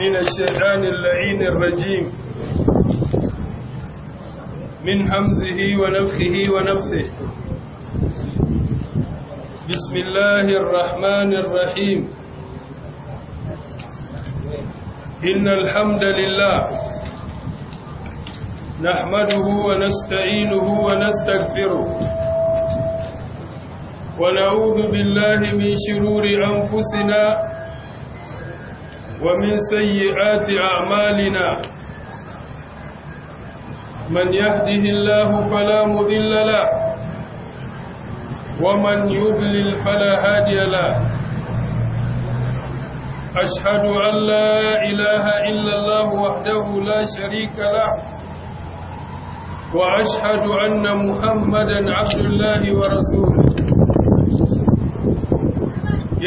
من الشيطان اللعين الرجيم من حمزه ونفخه ونفثه بسم الله الرحمن الرحيم إن الحمد لله نحمده ونستعينه ونستغفره ونعوذ بالله من شرور أنفسنا ومن سيئات أعمالنا من يهده الله فلا مذل له ومن يبلل فلا هادي له أشهد أن لا إله إلا الله وحده لا شريك له وأشهد أن محمدا عبد الله ورسوله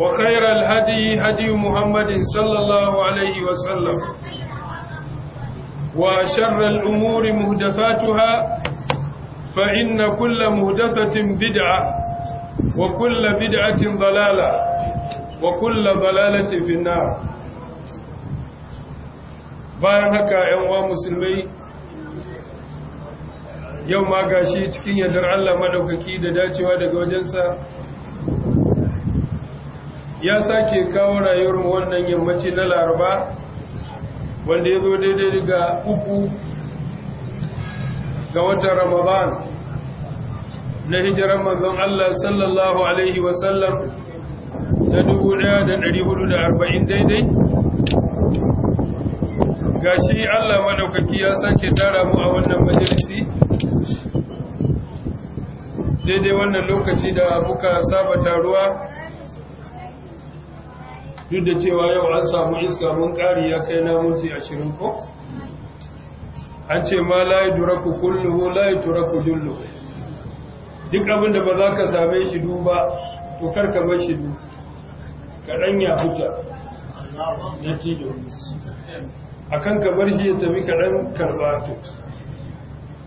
وخير الهدي هدي محمد صلى الله عليه وسلم وشر الأمور مهدفاتها فإن كل مهدفة بدعة وكل بدعة ضلالة وكل ضلالة في النار bayan haka ‘yan uwa musulmai yau ma gashi cikin yadda Allah maɗaukaki da dacewa daga wajensa ya sake kawo rayuwar wannan yammaci na laraba wanda ya zo daidai daga uku ga watan ramadan na hijiran manzon Allah sallallahu alaihi wasallam na 1440 daidai ga shi Allah maɗaukaki ya sake tara mu a wannan majalisi daidai wannan lokaci da muka saba taruwa duk da cewa yau an samu iska mun ƙari ya kai na a ashirin ko an ce ma layi turaku kulluhu layi turaku dullu duk abin da ba za ka same shi duba to kar ka bar shi du kaɗan ya huta na tijo a kan ka bar shi ya tafi kaɗan karɓa to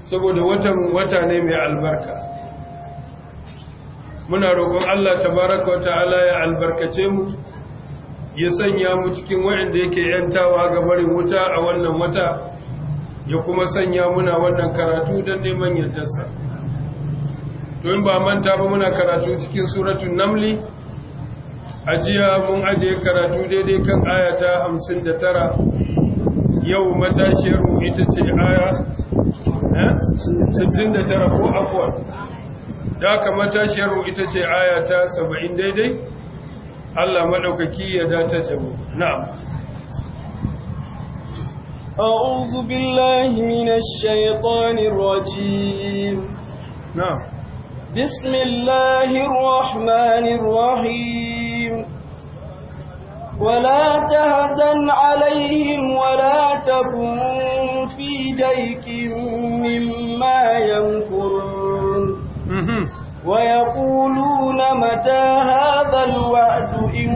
saboda watan wata ne mai albarka muna roƙon Allah ta baraka wata Ala ya albarkace mu ya sanya mu cikin waɗanda yake yantawa ga barin wuta a wannan wata ya kuma sanya muna wannan karatu don neman yardarsa don ba manta ba muna karatu cikin suratun namli a jiya mun ajiye karatu daidai kan ayata hamsin da tara yau matashiyarmu ita ce aya 69 eh, ko afuwa da aka mu ita ce aya ta 70 daidai Allah madaukaki ya zata da mu na'am أعوذ بالله من الشيطان الرجيم نعم بسم الله الرحمن الرحيم ولا تهزن عليهم ولا تكن في ديك مما ينكرون ويقولون متى هذا الوعد إن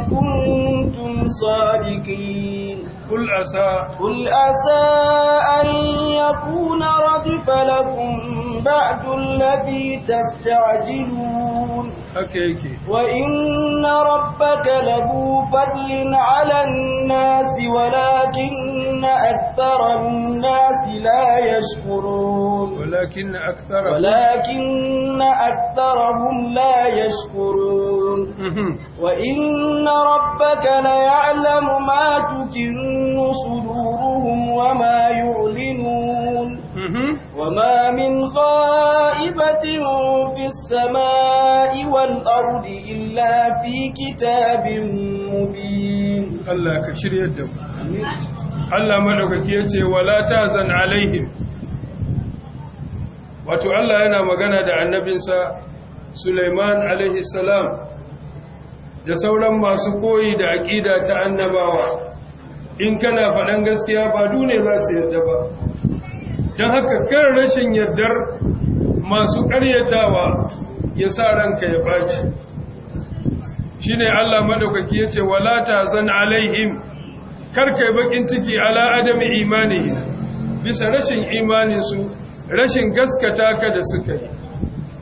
كنتم صادقين قل عسى قل عسى أن يكون ردف لكم بعد الذي تستعجلون أكي أكي وإن ربك لذو فضل على الناس ولكن أكثر الناس لا يشكرون ولكن أكثرهم ولكن أكثرهم لا يشكرون وإن ربك ليعلم ما تكن صدورهم وما يعلنون وما من غائبة في السماء والأرض إلا في كتاب مبين الله كشري الدم الله ملوك يتي ولا تهزن عليهم wato Allah yana magana da annabinsa Sulaiman alaihi salam da sauran masu koyi da aƙida ta annabawa in kana faɗan gaskiya ba dune ba su yarda ba don haka kar rashin yardar masu ƙaryatawa ya sa ranka ya ɓaci shine Allah madaukaki yace, wala ta zan alaihim karkai bakin ciki ala adami imani bisa rashin su rashin gaskata ka da suka yi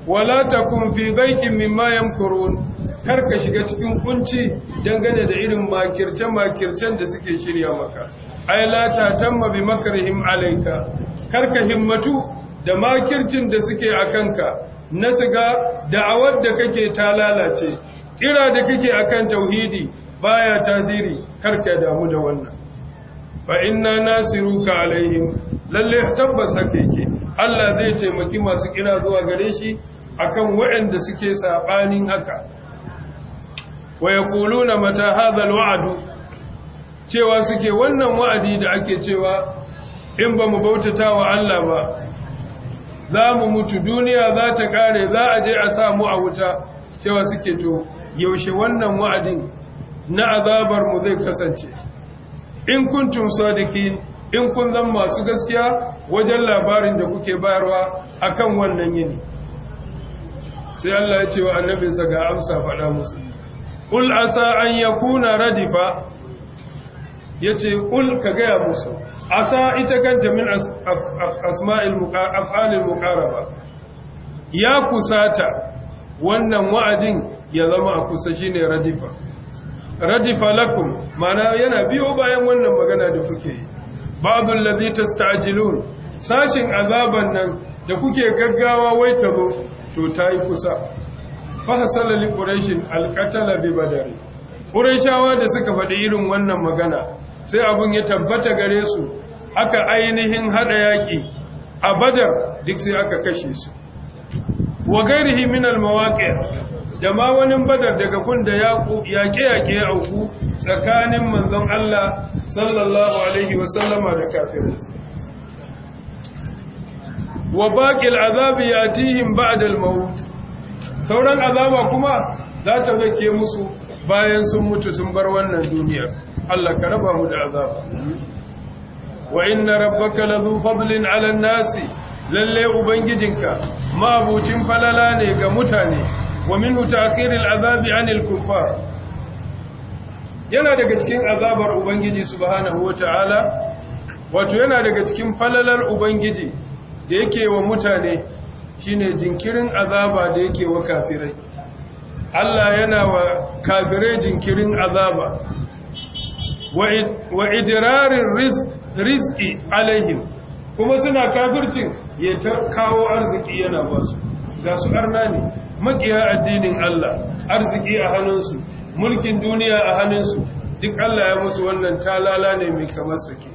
wala takun fi dhaikin mimma yamkurun kar ka shiga cikin kunci dangane da irin makirce makircen da suke shirya maka ai la tatamma bi makrihim alayka kar ka himmatu da makircin da suke akanka na siga da'awar da kake ta lalace kira da kake akan tauhidi baya tasiri karka damu da wannan fa inna nasiruka alaihim lalle tabbas hakike Allah zai taimaki masu kira zuwa gare shi a akan waɗanda suke saɓanin haka wa yaquluna mata hadha wa'adu? cewa suke wannan wa'adi da ake cewa in ba mu bautata wa Allah ba za mu mutu duniya za ta kare za a je a samu a wuta cewa suke to yaushe wannan wa'adin na azabar mu zai kasance in kuntum sadiqin in kun zan masu gaskiya wajen labarin da kuke bayarwa akan wannan yini sai Allah ya ce wa annabinsa ga amsa faɗa musu ƙul asa an ya kuna radifa ya ce ƙul ka gaya musu asa ita kanta min asma'il af'alil muqaraba ya kusata wannan wa'adin ya zama a kusa shine radifa radifa lakum mana yana biyo bayan wannan magana da kuke yi babu ladhi tasta'jilun sashin azaban nan da kuke gaggawa wai ta to to yi kusa fa hasala li quraish alqatala bi badar quraishawa da suka faɗi irin wannan magana sai abun ya tabbata gare su aka ainihin haɗa yaki a badar duk sai aka kashe su wa gairihi min al da ma wani badar daga kunda da yaƙe-yaƙe ya auku tsakanin manzon Allah sallallahu alaihi wasallama da kafirin wa baƙil azabi ya tihim ba'dal maut sauran azaba kuma za ta zake musu bayan sun mutu sun bar wannan duniyar Allah ka raba mu da azaba wa inna rabbaka lazu fadlin 'alan nasi lalle ubangijinka mabucin falala ne ga mutane ومنه تأخير العذاب عن الكفار yana daga cikin azabar ubangiji subhanahu wataala wato yana daga cikin falalar ubangiji da yake wa mutane shine jinkirin azaba da yake wa kafirai Allah yana wa kafirai jinkirin azaba wa idirarin rizqi alaihim kuma suna kafircin ya kawo arziki yana basu ga su arna ne makiya addinin Allah arziki a hannunsu mulkin duniya a hannunsu duk Allah ya musu wannan talala ne mai kamar sake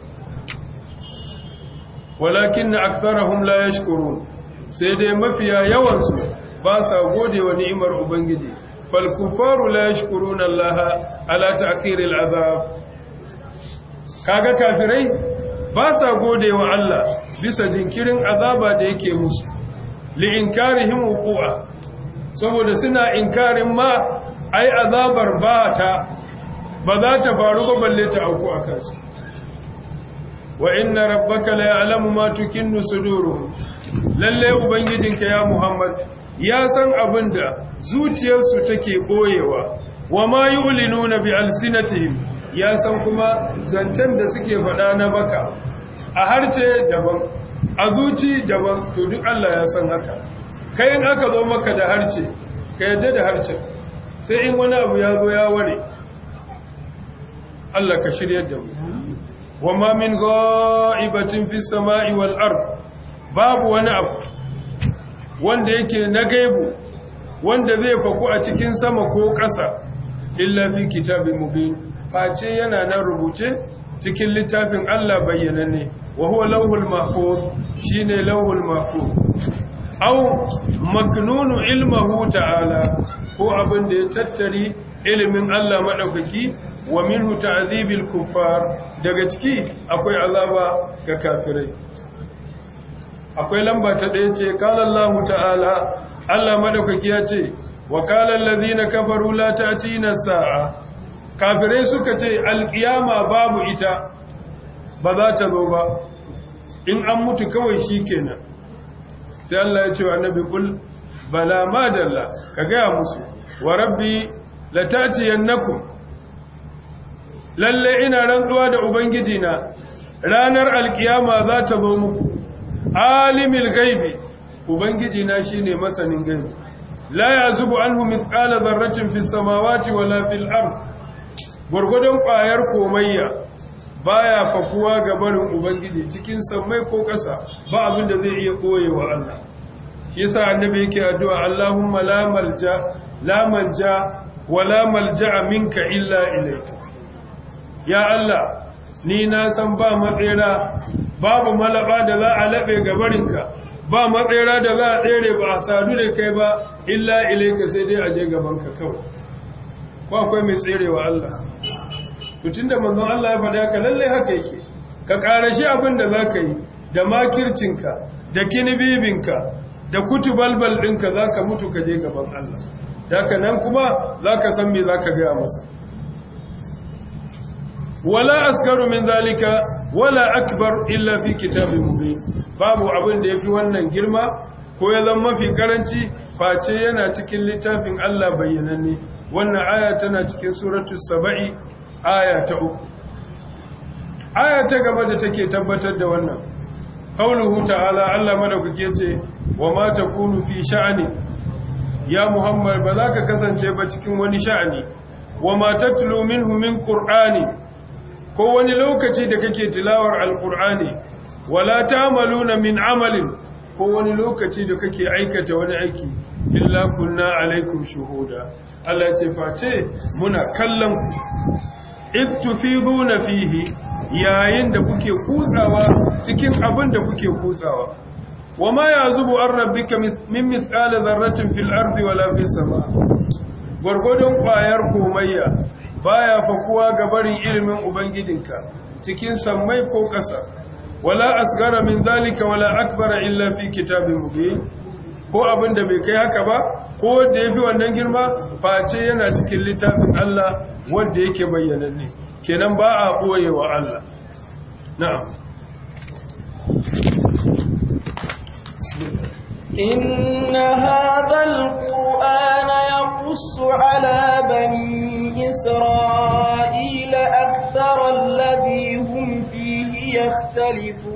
walakin na aktharahum la yashkurun sai dai mafiya yawansu ba sa gode wa ni'imar ubangiji fal kufaru la yashkurun Allah ala ta'khiril azab kaga kafirai ba sa gode wa Allah bisa jinkirin azaba da yake musu li inkarihim wuqu'a saboda suna inkarin ma ai azabar ba ta ba za ta faru ba balle ta auku a kansu wa inna rabbaka la ya'lamu ma tukinnu suduruhum lalle ubangijinka ya muhammad ya san abin da zuciyarsu take boyewa wa ma yu'linuna bi alsinatihim ya san kuma zancen da suke faɗa na baka a harce daban a zuci daban to duk Allah ya san haka kai in aka zo maka da harce ka yadda da harcen sai in wani abu ya zo ya ware Allah ka shiryar da mu ma min ghaibatin fi sama'i wal ard babu wani abu wanda yake na gaibu wanda zai faku a cikin sama ko ƙasa illa fi kitabin mubin face yana nan rubuce cikin littafin Allah bayyana ne. wa huwa lawhul mahfuz shine lawhul mahfuz au maknunu ilmahu ta'ala ko abin da ya tattari ilimin Allah maɗaukaki wa minhu ta'adhibil kuffar daga ciki akwai azaba ga kafirai akwai lamba ta ɗaya ce qala Allah ta'ala Allah maɗaukaki ya ce wa qala allazina kafaru la ta'tina sa'a kafirai suka ce alqiyama babu ita ba za ta zo ba in an mutu kawai shikenan sai Allah ya ce wa annabi kul bala madalla ka gaya musu wa rabbi latatiyannakum lalle ina rantsuwa da ubangiji na ranar alkiyama za ta zo muku alimul gaibi ubangiji na shine masanin gaibi la yazubu anhu mithqala dharratin fis samawati wala fil ardh gurgudun ƙwayar komayya baya fakuwa ga barin ubangiji cikin sammai ko ƙasa ba abin da zai iya koyewa Allah yasa annabi yake addu'a Allahumma la malja la manja wa la minka illa ilayka ya Allah ni na san ba matsera babu malaba da za a labe ga barinka ba matsera da za a tsere ba a sadu da kai ba illa ilayka sai dai a je gaban ka kawai ko akwai mai tserewa Allah tutun da manzon Allah ya faɗa ka lalle haka yake ka ƙarashi abin da zaka yi da makircinka da kinibibinka da kutubalbal ɗinka za mutu ka je gaban Allah daga nan kuma za san me za ka gaya masa wala askaru min zalika wala akbar illa fi kitabin mubin babu abin da yafi wannan girma ko ya zama mafi karanci face yana cikin littafin Allah bayyananne wannan aya tana cikin suratul saba'i aya ta uku aya ta gaba da take tabbatar da wannan qauluhu ta'ala Allah madaukake yace wa ma takunu fi sha'ani ya muhammad ba za ka kasance ba cikin wani sha'ani wa ma tatlu minhu min qur'ani ko wani lokaci da kake tilawar alqur'ani wala ta maluna min amalin ko wani lokaci da kake aikata wani aiki illa kunna alaikum shuhuda Allah ya ce face muna kallon ku iktufiduna fihi yayin da kuke kutsawa cikin abin da kuke kutsawa wama yazubu an rabbika min mithqala dharratin fil ardi wala fis sama gurgudun kwayar komayya baya fakuwa ga barin ilimin ubangijinka cikin sammai ko kasa wala asghara min zalika wala akbara illa fi kitabin mubin ko abin da bai kai haka ba ko da yafi wannan girma face yana cikin littafin Allah wanda yake bayyananne kenan ba a boye wa Allah na'am إن هذا القرآن يقص على بني إسرائيل أكثر الذي هم فيه يختلفون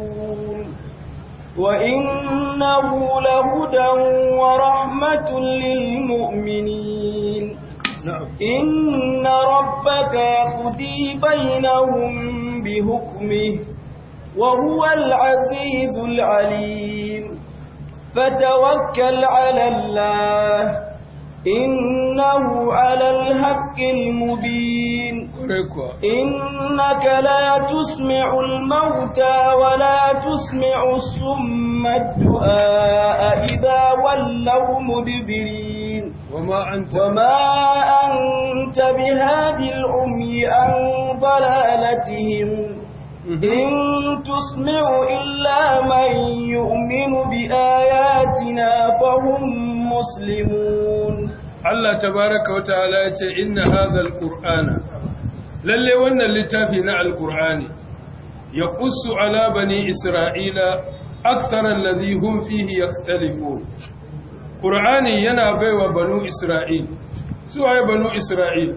وإنه لهدى ورحمة للمؤمنين نعم. إن ربك يقضي بينهم بحكمه وهو العزيز العليم فتوكل على الله إنه على الحق المبين innaka la tusmi'ul mauta wa la tusmi'us summa du'a idza wallaw mudbirin wama anta wama anta bihadil ummi an dalalatihim إن تسمع إلا من يؤمن بآياتنا فهم مسلمون الله ya ce "Inna هذا القرآن lalle wannan littafi na alkur'ani ya qussu ala bani isra'ila aksaran alladhi hum fihi yakhtalifun Ƙur'ani yana baiwa banu isra'il suwaye banu isra'il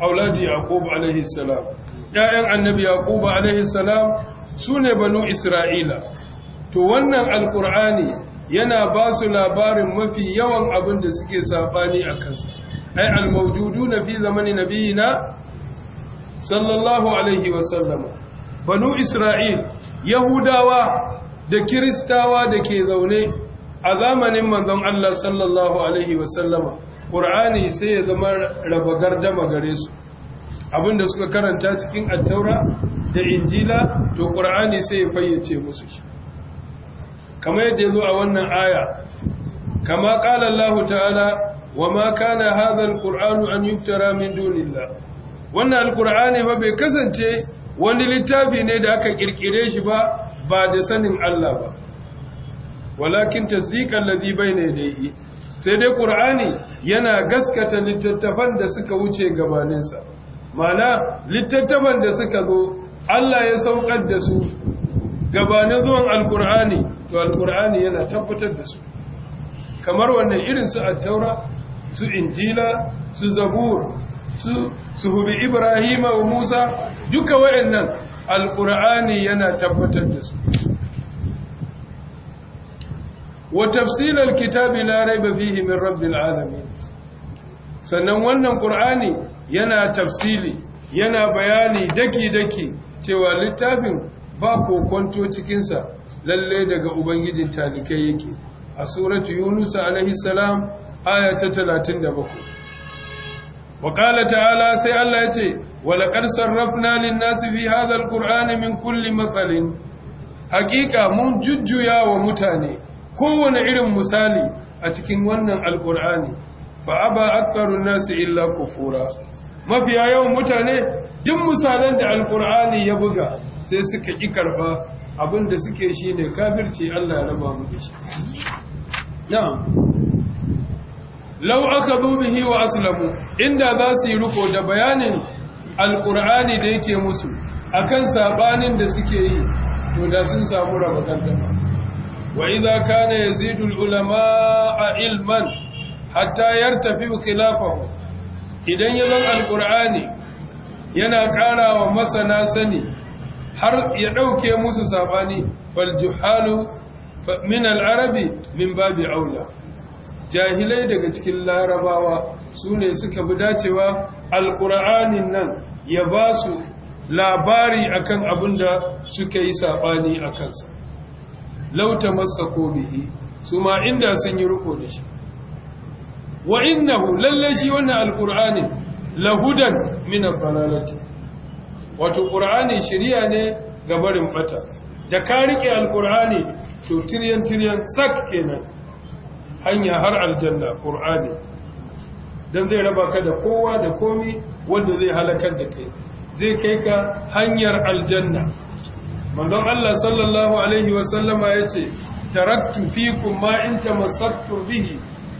auladi yaqub alaihi salam ƴaƴan annabi yaqub alaihi salam sune banu isra'ila to wannan alkur'ani yana ba su labarin mafi yawan abin da suke safani a kansa ai almawjuduna fi zamani nabiyina sallallahu alaihi wasallam banu isra'il yahudawa da kiristawa da ke zaune a zamanin manzon Allah sallallahu alaihi wasallama qur'ani sai ya zama raba gardama gare su abinda suka karanta cikin attaura da injila to qur'ani sai ya fayyace musu shi kamar yadda yazo a wannan aya kama qala Allah ta'ala wa ma kana hadha al-qur'anu an yuftara min dunillah wannan alkur'ani ba bai kasance wani littafi ne da aka kirkire shi ba ba da sanin Allah ba walakin tasdiqan allazi bayna yadayhi sai dai qur'ani yana gaskata littattafan da suka wuce gabaninsa ma'ana littattafan da suka zo Allah ya saukar da su gabanin zuwan alkur'ani to alkur'ani yana tabbatar da su kamar wannan irin su at-taura su injila su zabur su suhubi ibrahima wa musa duka wayannan alqur'ani yana tabbatar da su wa tafsil alkitabi la raiba fihi min rabbil alamin sannan wannan qur'ani yana tafsili yana bayani daki daki cewa littafin ba kokonto cikinsa lalle daga ubangijin talikai yake a suratu yunus alaihi salam aya ta 37 وقال تعالى سي الله يتي ولقد صرفنا للناس في هذا القران من كل مثل حقيقه من wa ومتاني كون irin misali a cikin wannan alqurani fa aba aktharu nasi illa kufura mafiya yawan mutane duk misalan da alqurani ya buga sai suka ki karba abinda suke shine kafirci Allah ya raba mu da shi na'am lau aka bihi wa aslamu inda za su yi riko da bayanin alkur'ani da yake musu akan sabanin da suke yi to da sun samu raba kaddama wa idza kana yazidul ulama ilman hatta yartafi khilafahu idan ya yazan alkur'ani yana ƙara wa masana sani har ya ɗauke musu sabani fal juhalu min al-arabi min babi aula jahilai daga cikin larabawa su ne suka fi dacewa alkur'anin nan ya ba su labari akan abin da suka yi saɓani a kansa lauta masa ko bihi su ma inda sun yi riko da shi wa hu lalle shi wannan alkur'anin lahudan mina falalati wato ƙur'ani shirya ne ga barin bata da ka riƙe alkur'ani to tiryan tiryan sak kenan hanya har aljanna qur'ani dan zai raba ka da kowa da komi wanda zai halakar da kai zai kai ka hanyar aljanna manzon Allah sallallahu alaihi wa sallama yace taraktu fikum ma in tamassaktum bihi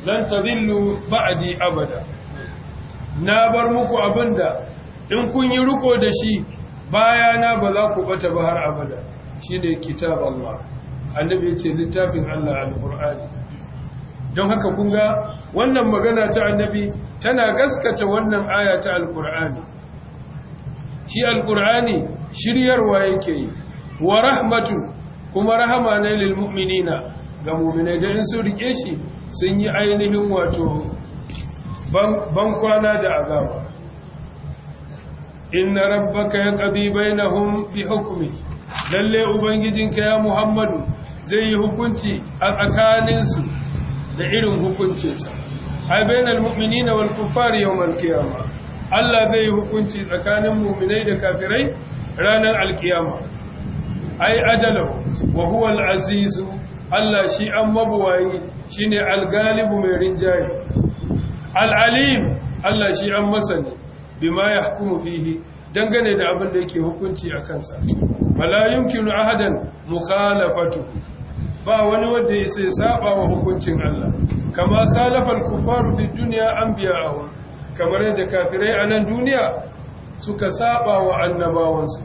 lan tadhillu ba'di abada na bar muku abinda in kun yi ruko da shi baya na ba za ku bata ba har abada shine kitab Allah annabi yace littafin Allah alqur'ani don haka kun ga wannan magana ta annabi tana gaskata wannan aya ta alkur'ani shi alkur'ani shiryarwa yake yi wa rahmatu kuma rahama ne lil mu'minina ga mu'minai da in su rike shi sun yi ainihin wato ban kwana da azaba inna rabbaka yaqdi bainahum bi hukmi lalle ubangijinka ya muhammadu zai yi hukunci a tsakaninsu da irin hukuncinsa ai bainal mu'minina wal kuffari yawmal qiyamah Allah zai hukunci tsakanin mu'minai da kafirai ranar alkiyama ai ajala wa huwa al-aziz Allah shi an mabuwayi shine al-galibu mai rinjaye al-alim Allah shi an masani bima yahkumu fihi dangane da abin da yake hukunci a kansa fala yumkinu ahadan mukhalafatuhu ba wani wanda ya sai saba wa hukuncin Allah kama khalafal kufaru fi dunya anbiya'ahum kamar yadda kafirai a nan duniya suka saba wa annabawansu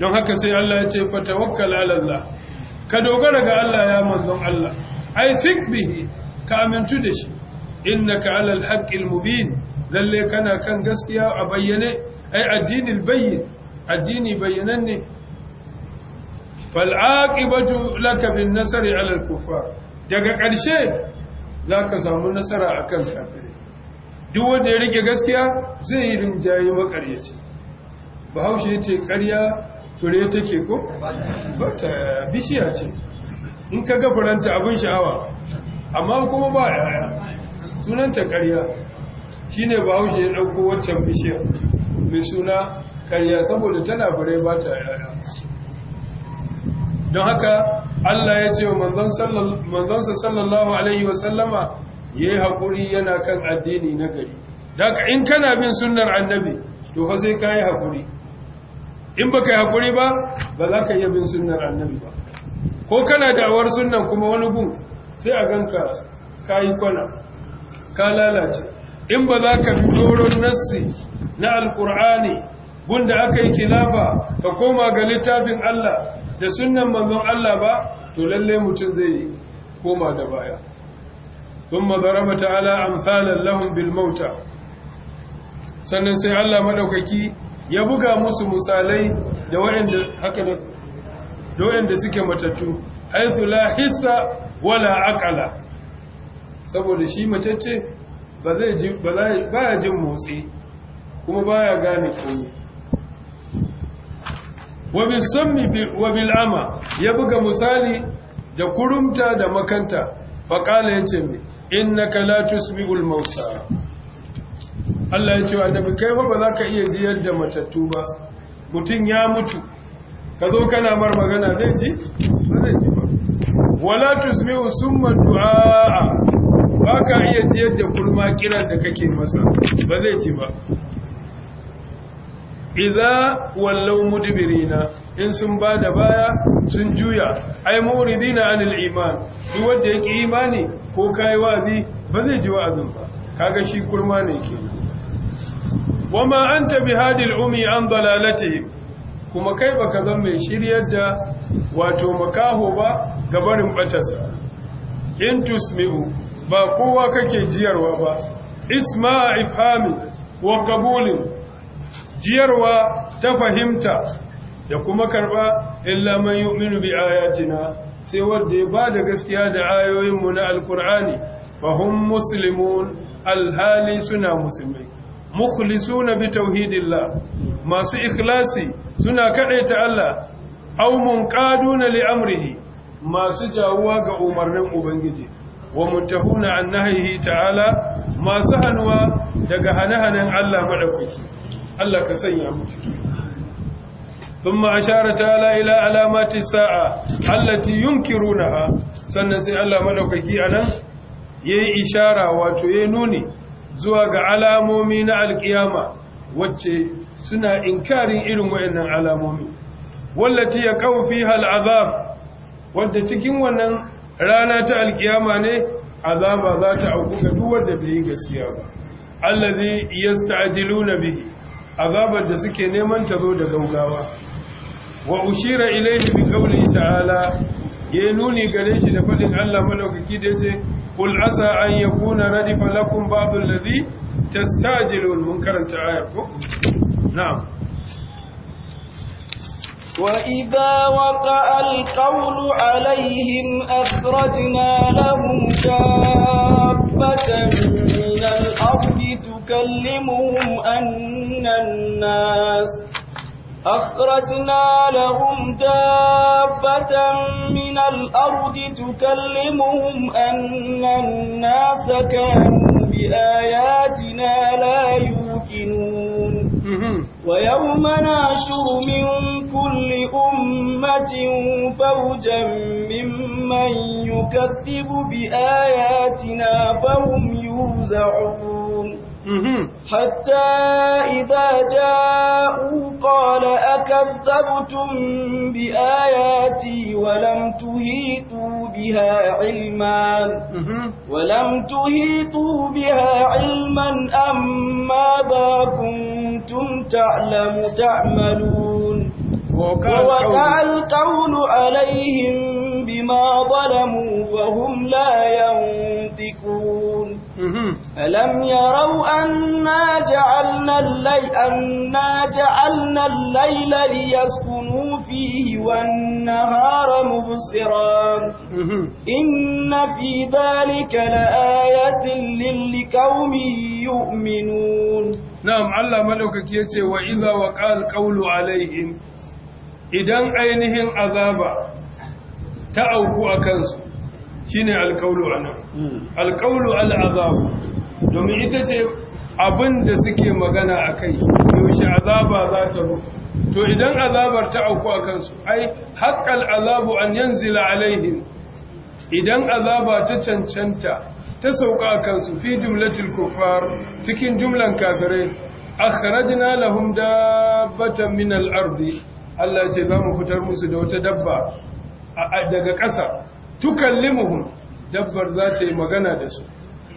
don haka sai Allah ya ce fatawakkal ala Allah ka dogara ga Allah ya manzon Allah I think bihi ka amintu da shi innaka ala alhaqqil mubin lalle kana kan gaskiya a bayyane ai addinil bayyin addini bayyananne fal'aqibatu laka lakabin nasari alal kuffar daga ƙarshe zaka samu nasara akan kafirai duk wanda ya rike gaskiya zai yi rinjayi makaryaci bahaushe ce ƙarya fure take ko bata bishiya ce in ka ga abin sha'awa amma kuma ba yaya sunanta ƙarya shine bahaushe ya ɗauko wancan bishiyar mai suna ƙarya saboda tana fure ba ta yaya don haka Allah ya ce wa Manzansa sallallahu alaihi wasallama ya yi haƙuri yana kan addini na gari daga in kana bin sunar annabi to fa sai ka yi haƙuri in ba ka yi haƙuri ba ba za ka iya bin sunar annabi ba ko kana da'awar sunan kuma wani gun sai a ganka ka yi kwana ka lalace in ba za ka bi doron nassi na alƙur'ani da aka yi kilafa ka koma ga littafin Allah da sunnan manzon Allah ba to lalle mutum zai koma da baya thumma daraba ta'ala amsalan lahum bil mauta sannan sai Allah madaukaki ya buga musu misalai da waɗanda haka da waɗanda suke matattu haythu la hissa wala aqala saboda shi matacce ba zai ba ya jin motsi kuma baya gane komai wa bil'ama ya buga misali da kurumta da makanta faƙala ya ce mai innaka la tusmi'ul mauta Allah ya ce wa da kai ba za ka iya jiyar da matattu ba mutum ya mutu ka zo kana mar magana zai ji ba zai ji ba wala tusmi'u summa du'a ba ka iya jiyar da kurma kiran da kake masa ba zai ji ba idza wallaw mudbirina in sun bada baya sun juya ai muridina anil iman duk wanda yake imani ko kai wazi ba zai ji wa'azin ba kaga shi kurma ne ke wama anta bihadil umi an dalalatihi kuma kai baka zan mai shiryar da wato makaho ba gabarin batarsa in tusmi'u ba kowa kake jiyarwa ba isma' ifhami wa qabulin jiyarwa ta fahimta da kuma karba illa man yu'minu bi ayatina sai wanda ya bada gaskiya da ayoyinmu na alqur'ani fa hum muslimun alhali suna musulmai mukhlisuna bi tauhidillah masu ikhlasi suna kadaita Allah aw munqaduna li amrihi masu jawuwa ga umarnin ubangiji wa muntahuna an nahyihi ta'ala masu hanuwa daga hane-hanen Allah madaukaki Allah ka sanya mu ciki ثم أشار تعالى إلى علامات الساعة التي ينكرونها sannan sai Allah madaukaki anan yayi ishara wato yayi nuni zuwa ga alamomi na alkiyama wacce suna inkarin irin wayannan alamomi wallati ya kawo fiha al'azab wadda cikin wannan rana ta alkiyama ne azaba za ta auku ga duk wanda bai yi gaskiya ba allazi yasta'jiluna bihi azabar da suke neman ta zo da gaugawa wa ushira ilaihi bi qawli ta'ala ya nuni gare shi da fadin Allah malaukaki da yace qul asa an yakuna radifa lakum ba'd alladhi tastajilun mun karanta ayar ko na'am وَإِذَا وَقَعَ الْقَوْلُ عَلَيْهِمْ أَخْرَجْنَا لَهُمْ shabbatan. وتكلمهم أن الناس أخرجنا لهم دابة من الأرض تكلمهم أن الناس كانوا بآياتنا لا يوقنون ويوم ناشر من كل أمة فوجا ممن يكذب بآياتنا فهم يوزعون حتى إذا جاءوا قال أكذبتم بآياتي ولم تهيطوا بها علما ولم تهيطوا بها علما أم ماذا كنتم تعلم تعملون ووقع القول عليهم بما ظلموا فهم لا ينطقون ألم يروا أنا جعلنا الليل أنا جعلنا الليل ليسكنوا فيه والنهار مبصرا إن في ذلك لآية لقوم يؤمنون نعم الله ملكك يتي وإذا وقع القول عليهم إذا أينهم عذابا ta auku a kansu shine alkaulu anan alkaulu al'azabu domin ita ce abin da suke magana a kai yaushe azaba za ta zo to idan azabar ta auku a kansu ai haƙƙal azabu an yanzila alaihin idan azaba ta cancanta ta sauka a kansu fi jumlatul kuffar cikin jumlan kafirai akhrajna lahum dabbatan min al-ardi Allah ce za mu fitar musu da wata dabba daga ƙasa tukallimuhum dabbar za ta yi magana da su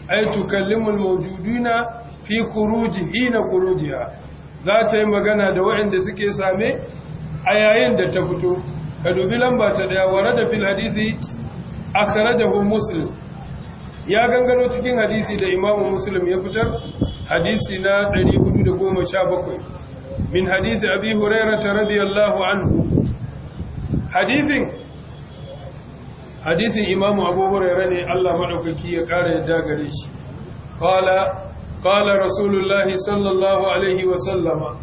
ai tukallimul mawjuduna fi khuruji hina khurujiha za ta yi magana da waɗanda suke same a yayin da ta fito ka dubi lamba ta daya warada fil hadisi akhrajahu muslim ya gangaro cikin hadisi da imamu muslim ya fitar hadisi na 417 min hadisi abi hurairah radiyallahu anhu hadisin hadisin imamu abu huraira ne Allah maɗaukaki ya ƙara ja gare shi ƙala rasulullahi sallallahu alaihi wasallama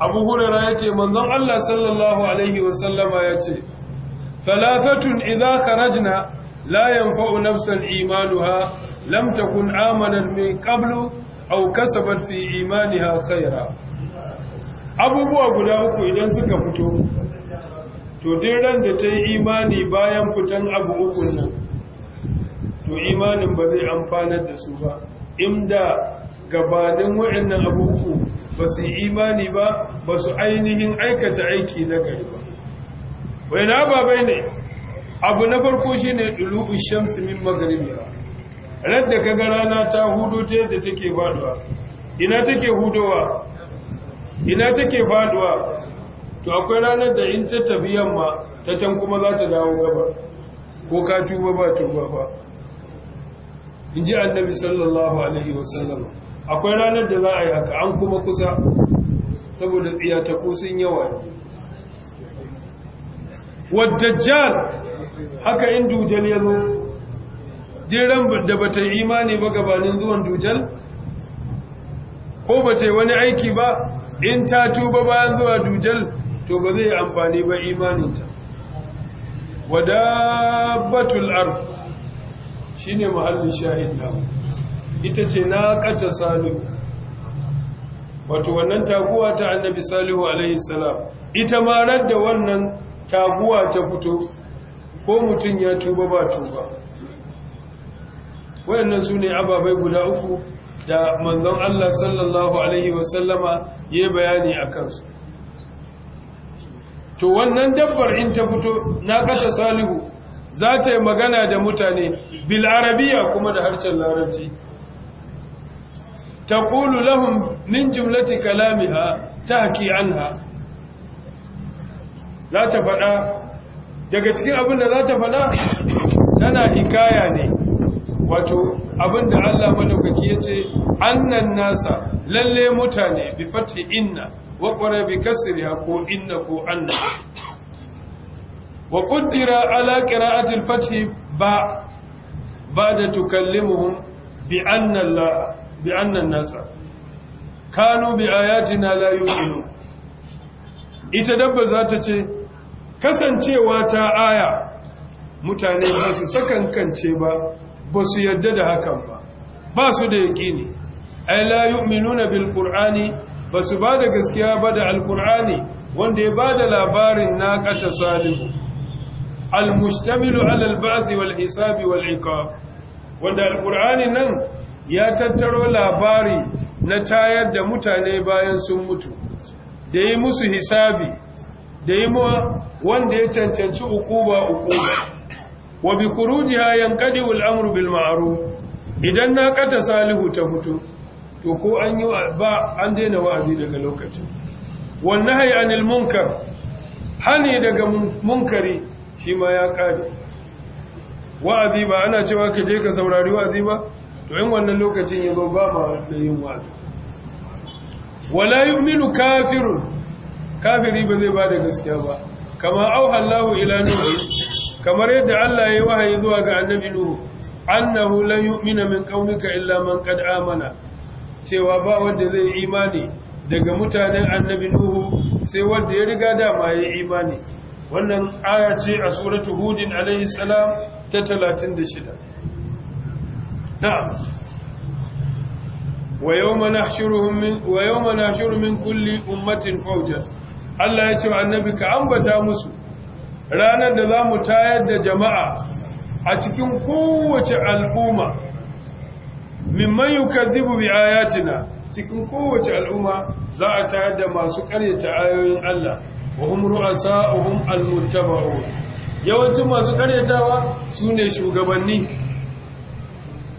abu huraira ya ce manzon Allah sallallahu alaihi wasallama ya ce talatatun idza kharajna la yanfa'u nafsan imanuha lam takun amanan min qablu aw kasabat fi imaniha khaira abubuwa guda uku idan suka fito to duk ran da ta yi imani bayan fitan abu ukun nan to imanin ba zai amfanar da su ba inda gabanin waɗannan uku ba su yi imani ba ba su ainihin aikata aiki na gari ba wai na babai ne abu na farko shi ne shamsi shamsu min magaribiya ran ka ga rana ta hudo ta yadda take faduwa ina take hudowa ina take faduwa to akwai ranar da in ta tafi yamma ta can kuma za ta dawo gaba ko ka tuba ba tuba ba in ji annabi sallallahu alaihi wasallam akwai ranar da za a yi haka an kuma kusa saboda tsiyataku sun yawa ne. wadajjal haka in dujal ya zo jiran da ba ta imani ba gabanin zuwan dujal ko ba ta wani aiki ba in ta tuba bayan zuwa dujal to ba zai amfani ba imaninta wadabatul ard shine mahallin shahid namu ita ce na kata salihu wato wannan taguwa ta annabi salihu alaihi salam ita ma radda wannan taguwa ta fito ko mutum ya tuba ba tuba wayannan sune ababai guda uku da manzon Allah sallallahu alaihi wasallama ya bayani a kansu to wannan dabbar in ta fito na kasa salihu za ta yi magana da mutane bil arabiya kuma da harshen larabci Ta kulu lahun min ta haƙi an anha za ta faɗa daga cikin abin da za ta faɗa tana hikaya ne wato abin da Allah madaukaki ya ce annan nasa lalle mutane bifatti inna وقرأ بكسرها كو إن كو أن وقدر على قراءة الفتح با بعد تكلمهم بأن الله بأن الناس كانوا بآياتنا لا يؤمنون za ta ce kasancewa ta aya mutane ba su sakankance ba ba su yarda da hakan ba ba su da yaƙini ai la yu'minuna bil qur'ani ba su ba da gaskiya ba da alkur'ani wanda ya ba da labarin na ƙata salihu almustamilu alalbazi wal hisabi wal iqab wanda alkur'ani nan ya tattaro labari na tayar da mutane bayan sun mutu da yi musu hisabi da yi wanda ya cancanci ukuba ukuba wa bi khurujiha yanqadi al-amru bil ma'ruf idan na ƙata salihu ta mutu to ko an yi ba an daina wa'azi daga lokacin wannan hayi anil munkar hani daga munkari shi ma ya kare wa'azi ba ana cewa ka je ka saurari wa'azi ba to in wannan lokacin ya zo ba ma da yin wa'azi wala yu'minu kafirun kafiri ba zai ba da gaskiya ba kama auha ila nuhi kamar yadda Allah ya yi wahayi zuwa ga annabi nuhu annahu lan yu'mina min qaumika illa man qad amana cewa ba wanda zai imani daga mutanen annabi nuhu sai wanda ya riga dama ya imani wannan aya ce a suratu hudin alaihi salam ta 36 na'am wa yawma nahshuruhum wa nahshuru min kulli ummatin fawja Allah ya ce wa annabi ka ambata musu ranar da za mu tayar da jama'a a cikin kowace al'umma mimman kaddibu bi ayatina cikin kowace al'umma za a tayar da masu karyata ayoyin Allah wa hum ru'asa'uhum al-muttaba'un yawancin masu karyatawa ne shugabanni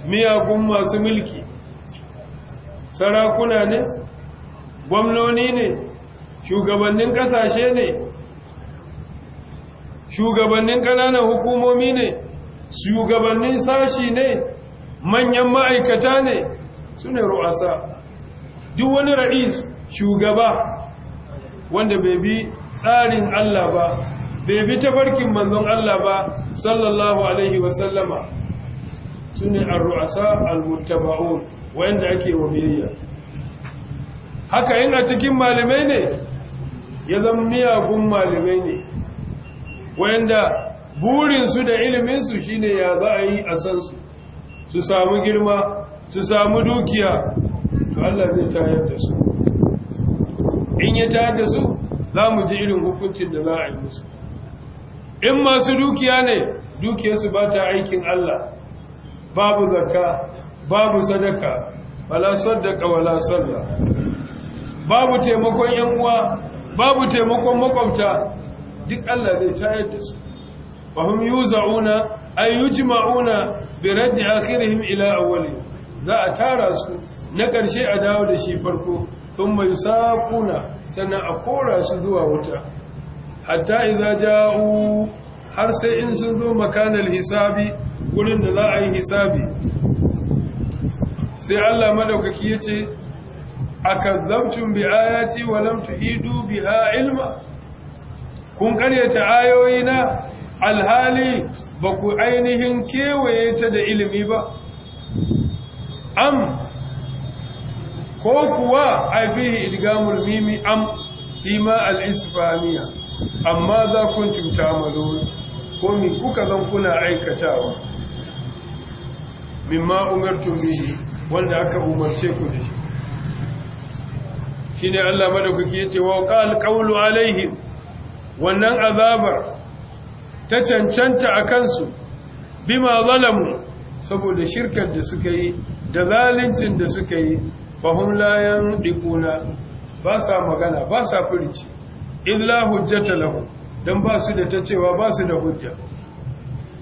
miyagun masu mulki sarakuna ne gwamnoni ne shugabannin kasashe ne shugabannin kananan hukumomi ne shugabannin sashi ne manyan ma'aikata ne su ne ru'asa duk wani ra'is shugaba wanda bai bi tsarin Allah ba bai bi tafarkin manzon Allah ba sallallahu alaihi wasallama su ne a ruasa al-muttaba'un wanda ake wa biyayya haka yin a cikin malamai ne ya zama miyagun malamai ne wanda burinsu da iliminsu shine ya za a yi a sansu su samu girma su samu dukiya to Allah zai tayar da su in ya tayar da su za mu ji irin hukuncin da za a yi musu in masu dukiya ne dukiyarsu ba ta aikin Allah babu zakka babu sadaka wala sadaka wala salla babu taimakon yan uwa babu taimakon makwabta duk Allah zai tayar da su fahim yuza'una ay yujma'una bi raddi akhirihim ila awwalihim za a tara su na ƙarshe a dawo da shi farko sun mai sakuna sannan a kora su zuwa wuta hatta iza ja'u har sai in sun zo makanar hisabi wurin da za a yi hisabi sai Allah madaukaki ya ce a kazzabtun bi ayati wa lam tuhidu biha ilma kun karyata na, alhali ba ku ainihin kewaye ta da ilimi ba am ko kuwa a fihi idgamul mimi am ima al-isfamiya amma za kun cuta malo ko mi kuka zan kuna aikatawa mimma umartum bihi wanda aka umarce ku da shi shine Allah madaukaki yace wa qal qawlu alaihim wannan azabar ta cancanta a kansu bima zalamu saboda shirkar da suka yi da zalincin da suka yi fahim layan ɗiƙuna ba sa magana ba sa furici illa hujjata lahu don ba su da ta cewa ba su da hujja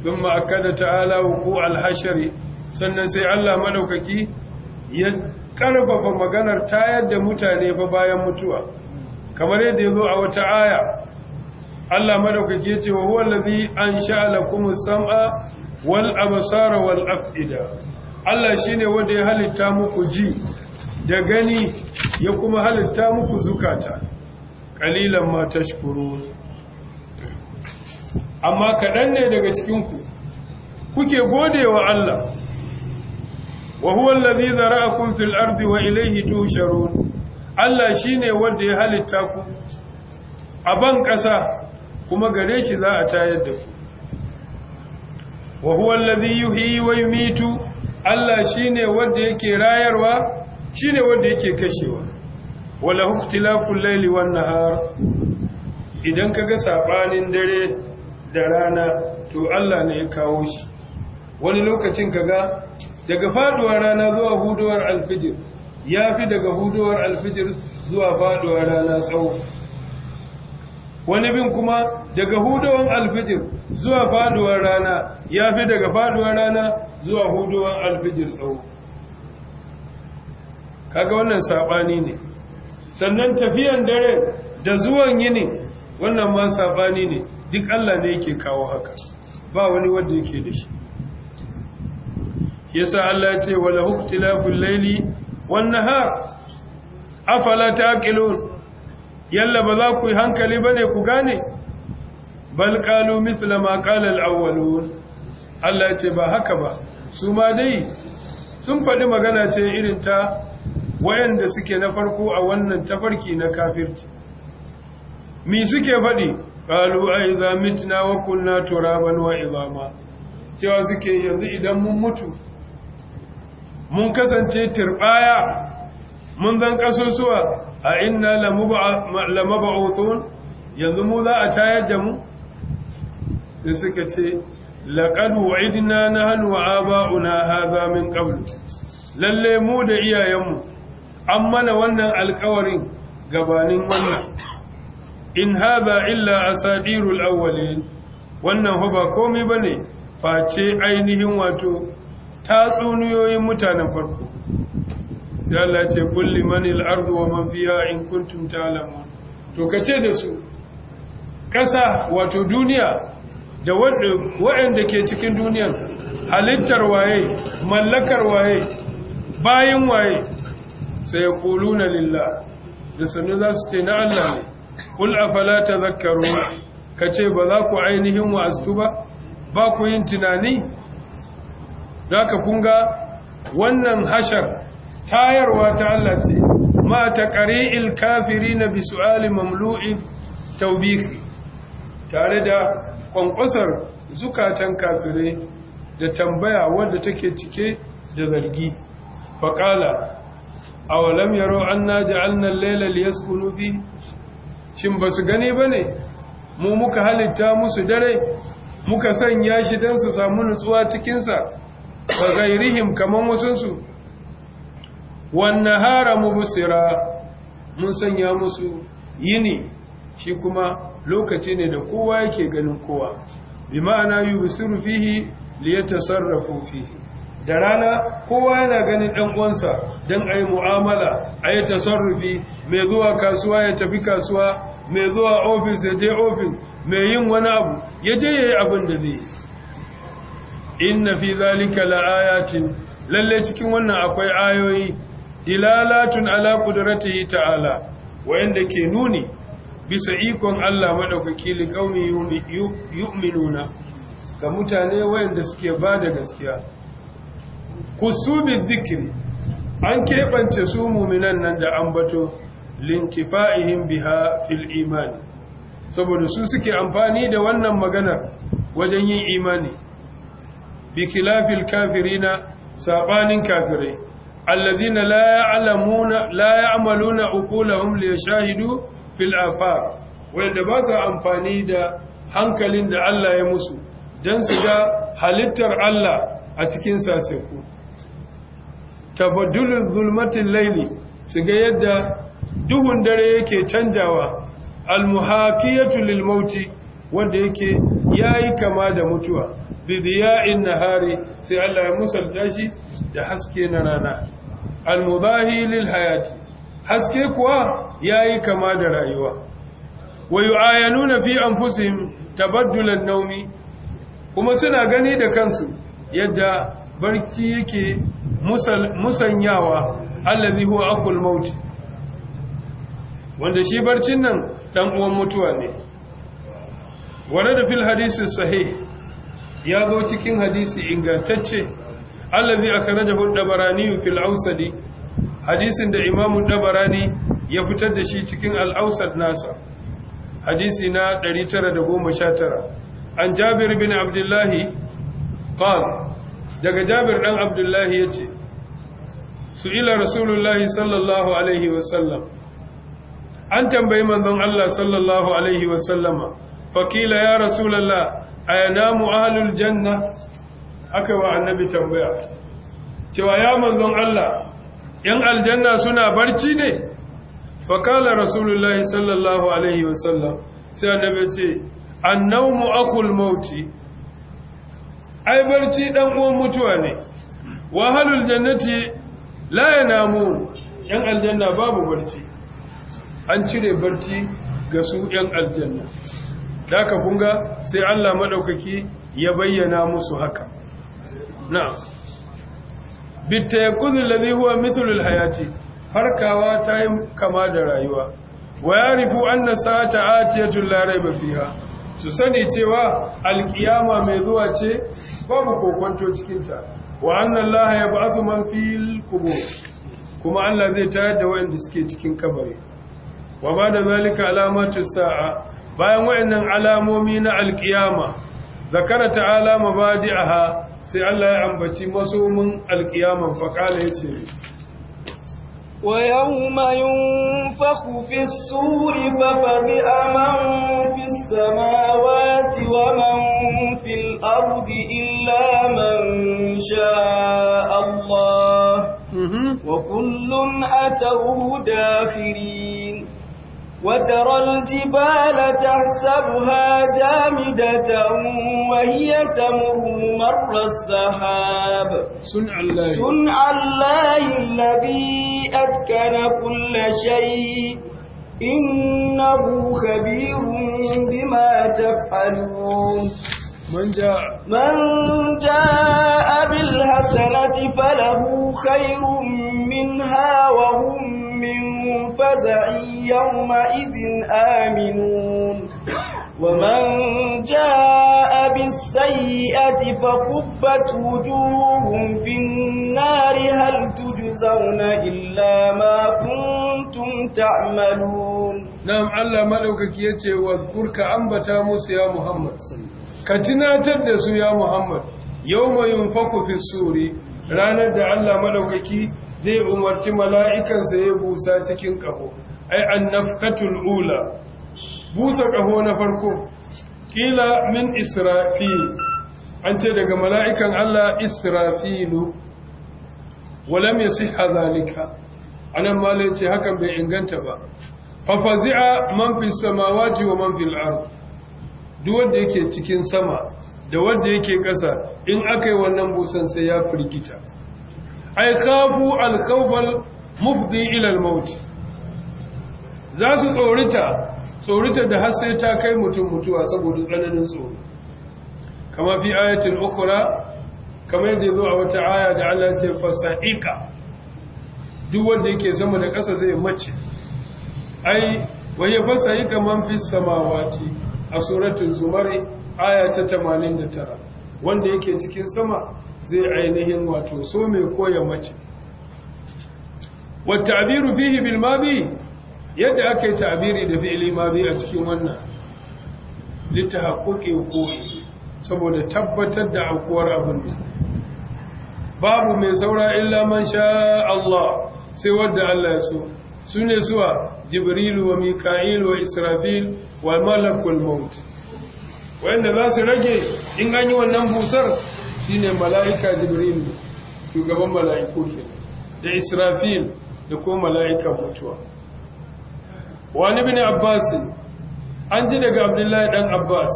don ma'akada ta'ala wuku alhashari sannan sai allah maɗaukaki ya ƙarfafa maganar tayar da mutane fa bayan mutuwa kamar yadda ya zo a wata aya Allah madaukaki ya ce wa huwa allazi ansha'a lakum sam'a wal absara wal af'ida Allah shine wanda ya halitta muku ji da gani ya kuma halitta muku zukata qalilan ma tashkurun amma kadan ne daga cikin ku kuke godewa Allah wa huwa allazi zara'akum fil ardi wa ilayhi tusharun Allah shine wanda ya halitta ku a ban ƙasa kuma gare shi za a tayar da ku wa huwa allazi yuhyi wa yumitu Allah shine wanda yake rayarwa shine wanda yake kashewa wala ikhtilaful layli wan nahar idan kaga sabanin dare da rana to Allah ne ya kawo shi wani lokacin kaga daga faduwar rana zuwa huduwar alfijir yafi daga huduwar alfijir zuwa faduwar rana tsawo wani bin kuma daga hudowar alfijir zuwa faduwar rana ya fi daga faduwar rana zuwa hudowar alfijir tsawo kaga wannan saɓani ne sannan tafiyan dare da zuwan yini wannan ma saɓani ne duk Allah ne yake kawo haka ba wani wanda yake da shi yasa Allah ce wala huktilaful laili wan nahar afala taqilun yalla ba za ku yi hankali ba ne ku gane bal kalu mithla ma qala al-awwalun Allah ya ce ba haka ba su ma dai sun faɗi magana ce irin ta wayanda suke na farko a wannan tafarki na kafirci mi suke faɗi qalu aiza mitna wa kunna turaban wa idama cewa suke yanzu idan mun mutu mun kasance turbaya mun zan kasusuwa a inna lamab'uthun yanzu mu za a tayar da mu sai suka ce laqad wa'idna nahnu wa aba'una hadha min qabl lalle mu da iyayenmu an mana wannan alƙawarin gabanin wannan in hadha illa asadirul awwalin wannan ba komai bane face ainihin wato tatsuniyoyin mutanen farko sai Allah ce kulli manil ardu wa man fiha in kuntum ta'lamun to kace da su kasa wato duniya da waɗanda ke cikin duniyar halittar waye mallakar waye bayan waye sai yaquluna lillah da sanin za su ce na Allah ne kul afala tadhakkaru kace ba za ku ainihin wa'astu ba ba ku yin tunani da ka kunga wannan hashar tayarwa ta Allah ce ma kafiri na bi su'ali mamlu'i tawbihi tare da kwankwasar zukatan kafirai da tambaya wadda take cike da zargi faƙala a walam yaro an na ja'alnan lailal ya fi shin ba su gani ba ne mu muka halitta musu dare muka sanya shi don su samu nutsuwa cikinsa ba gairihim kamar wasansu wannahara busira mun sanya musu yini shi kuma lokaci ne da kowa yake ganin kowa bi ma'ana yubsiru fihi liyatasarrafu fihi da rana kowa yana ganin ɗan uwansa don a yi mu'amala a yi tasarrufi mai zuwa kasuwa ya tafi kasuwa mai zuwa ofis ya je ofis mai yin wani abu ya je ya yi abin da zai inna fi zalika la'ayatin lalle cikin wannan akwai ayoyi dilalatun ala qudratihi ta'ala wayanda ke nuni bisa ikon Allah madaukaki li qaumi yu'minuna ga mutane wayanda suke bada gaskiya bi dhikri an kefance su mu'minan nan da ambato linkifa'ihim biha fil imani saboda su suke amfani da wannan magana wajen yin imani bi kafiri kafirina sabanin kafirai الذين لا يعلمون لا يعملون عقولهم ليشاهدوا في الآفاق wanda ba su amfani da hankalin da Allah ya musu don su ga halittar Allah a cikin saseku tafadulun zulmatin laili su ga yadda duhun dare yake canjawa almuhaqiyatu lil wanda yake yayi kama da mutuwa bi inna nahari sai Allah ya musalta shi da haske na rana al-mubahi lil hayati haske kuwa yayi kama da rayuwa wa yu'ayanuna fi anfusihim an naumi kuma suna gani da kansu yadda barki yake musanyawa allazi huwa akul maut wanda shi barcin nan dan uwan mutuwa ne warada fil hadisi sahih ya zo cikin hadisi ingantacce allazi akhrajahu ad-dabarani fil awsadi hadisin da imamu dabarani ya fitar da shi cikin al-awsad nasa hadisi na 919 an jabir bin abdullahi qala daga jabir dan abdullahi yace su'ila rasulullahi sallallahu alaihi wa sallam an tambayi manzon Allah sallallahu alaihi wa sallama fakila ya rasulullah ayanamu ahlul janna aka wa annabi tambaya cewa ya manzon Allah yan aljanna suna barci ne fa kala rasulullahi sallallahu alaihi wasallam sai annabi ce annawmu akhul mauti ai barci dan uwan mutuwa ne wa halul jannati la yanamu yan aljanna babu barci an cire barci ga su yan aljanna Da ka kunga sai Allah maɗaukaki ya bayyana musu haka na'am bitayaquz alladhi huwa mithlu alhayati farkawa ta yi kama da rayuwa wa yarifu anna sa'ata tun la rayba fiha su sani cewa alkiyama mai zuwa ce babu kokonto cikin ta wa anna allaha yab'athu man fil qubur kuma Allah zai tayar da wanda suke cikin kabari wa ba da zalika alamatu sa'a bayan wayannan alamomi na alkiyama zakara ta'ala mabadi'aha sai Allah ya ambaci masomin alkiyaman faƙala ya ce ويوم ينفخ في السور ففزع من في السماوات ومن في الأرض إلا من شاء الله وكل أتوه داخرين وترى الجبال تحسبها جامدة وهي تمر مر السحاب صنع الله صنع الله الذي أتكن كل شيء إنه خبير بما تفعلون من جاء من جاء بالحسنة فله خير منها وهم من هم فزعي يومئذ آمنون ومن جاء بالسيئة فكبت وجوههم في النار هل تجزون إلا ما كنتم تعملون نعم على ملوكك يتي واذكرك أنبتا موسى يا محمد كتنا تدس يا محمد يوم ينفق في السور ranar da Allah maɗaukaki zai umarci mala'ikansa ya busa cikin ƙaho ai annafkatul ula busa ƙaho na farko ƙila min israfi, an ce daga mala'ikan Allah israfilu walam ya si hazalika anan nan ce hakan bai inganta ba fafazi'a man fi waji wa man fi al'ar duk wanda yake cikin sama da wanda yake ƙasa in aka yi wannan busan sai ya firgita ai kafu alkhawfal mufdi ilal almaut za su tsorita tsorita da har sai ta kai mutum mutuwa saboda tsananin tsoro kama fi ayatin ukhra kamar yadda zo a wata aya da Allah ce fasa'ika duk wanda yake sama da ƙasa zai mace ai waye fasa'ika man fi samawati a suratul zumar aya ta 89 wanda yake cikin sama zai ainihin wato so mai koya mace wata abiru fihi bil mabi yadda ake yi da fi'ili mabi a cikin wannan litahaqquqi koyi saboda tabbatar da aukuwar abin babu mai saura illa man sha Allah sai wadda Allah ya so sune zuwa jibrilu wa mika'il wa israfil wa malakul maut wanda za su rage in an wannan busar shine mala'ika jibril shugaban mala'iku ke da israfil da ko mala'ikan mutuwa wani bin abbas an ji daga abdullahi dan abbas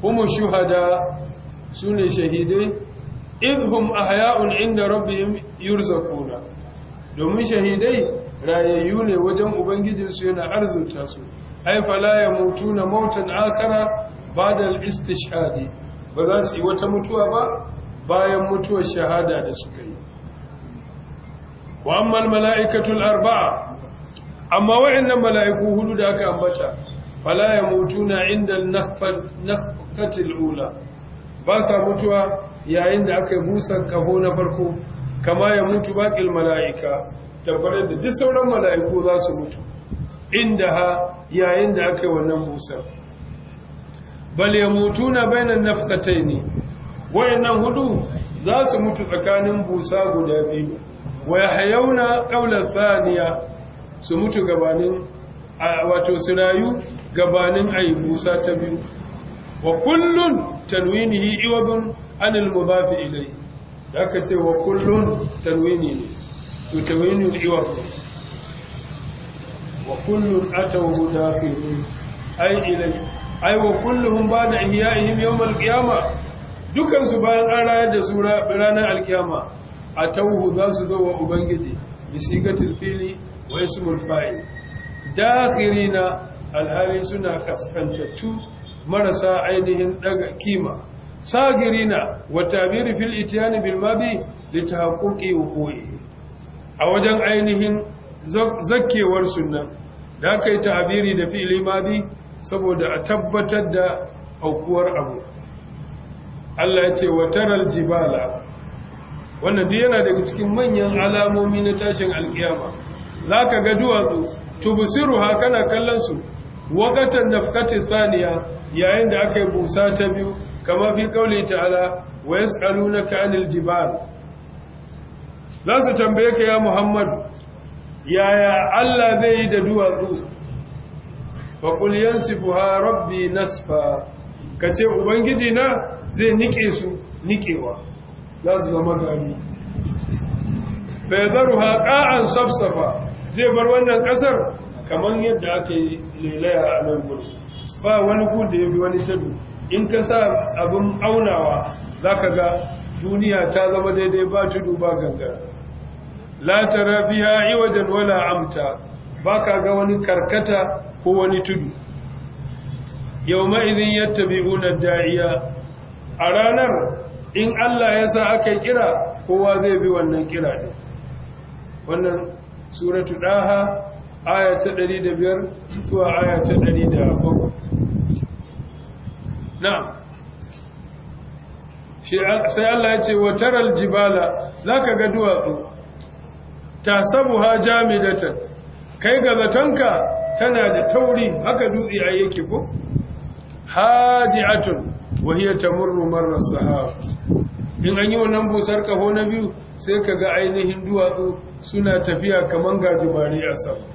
kuma shuhada sune shahidai idhum ahya'un inda rabbihim yurzaquna domin shahidai rayayyu ne wajen ubangijinsu yana arzuta su ay fala yamutuna mautan akara ba da istishhadi ba za su yi wata mutuwa ba bayan mutuwar shahada da suka yi wa ammal mala'ikatul arba'a amma waɗannan mala'iku hudu da aka ambata fala na inda na nafqatil ula ba sa mutuwa yayin da aka yi busa kaho na farko kama ya mutu baƙil mala'ika da faɗin da duk sauran mala'iku za su mutu inda ha yayin da aka yi wannan busan. bal yamutuna bainan nafqataini wayannan hudu za su mutu tsakanin busa guda biyu wa yahyauna qawla thaniya su mutu gabanin wato su rayu gabanin ayi busa ta biyu wa kullun tanwinihi iwabun anil mudafi ilayhi aka ce wa kullun tanwinihi to tanwinu iwab wa kullun atawu dafiru ay ilayhi ai wa kulluhum ba'da ihya'ihim yawm al-qiyama dukan su bayan an rayar da su ranar al-qiyama atawhu za su zo wa ubangiji bisigatil fili wa ismul fa'il dakhirina alhali suna kaskantattu marasa ainihin daga kima sagirina wa tabiri fil itiyani bil madi litahaqquqi wuqu'i a wajen ainihin zakkewar sunna da kai tabiri da fi'li madi saboda a tabbatar da aukuwar abu Allah ya ce wataral jibala wannan duk yana daga cikin manyan alamomi na tashin alkiyama za ka ga duwatsu tubusiru ha kana kallon su wakatan nafkati saniya yayin da aka yi busa ta biyu kama fi kauli ala. wa yas'alunaka anil jibal za su tambaye ka ya muhammad yaya Allah zai yi da duwatsu faƙul yansifuha rabbi nasfa ka ce ubangiji na zai nike su nikewa za su zama gari faidaru haƙa'an safsafa zai bar wannan ƙasar kamar yadda aka yi lelaya a nan gudu ba wani gudu ya fi wani tadu in ka sa abin aunawa za ka ga duniya ta zama daidai ba tudu ba gangara la tara iwajen wala amta ba ka ga wani karkata ko wani tudu yauma idin yattabi'una da'iya a ranar in Allah ya sa aka kira kowa zai bi wannan kira ne wannan suratu daha aya ta 105 zuwa aya ta 107 Na, sai Allah ya ce wataral taral jibala zaka ga duwatsu Ta sabu tasabuha jamidatan kai ga zatonka? tana da tauri haka dutse a yake ko hadi'atun wahiyar tamurru marra sahab in an yi wannan busar kaho na biyu sai ka ga ainihin duwatsu suna tafiya kamar gajimari a sama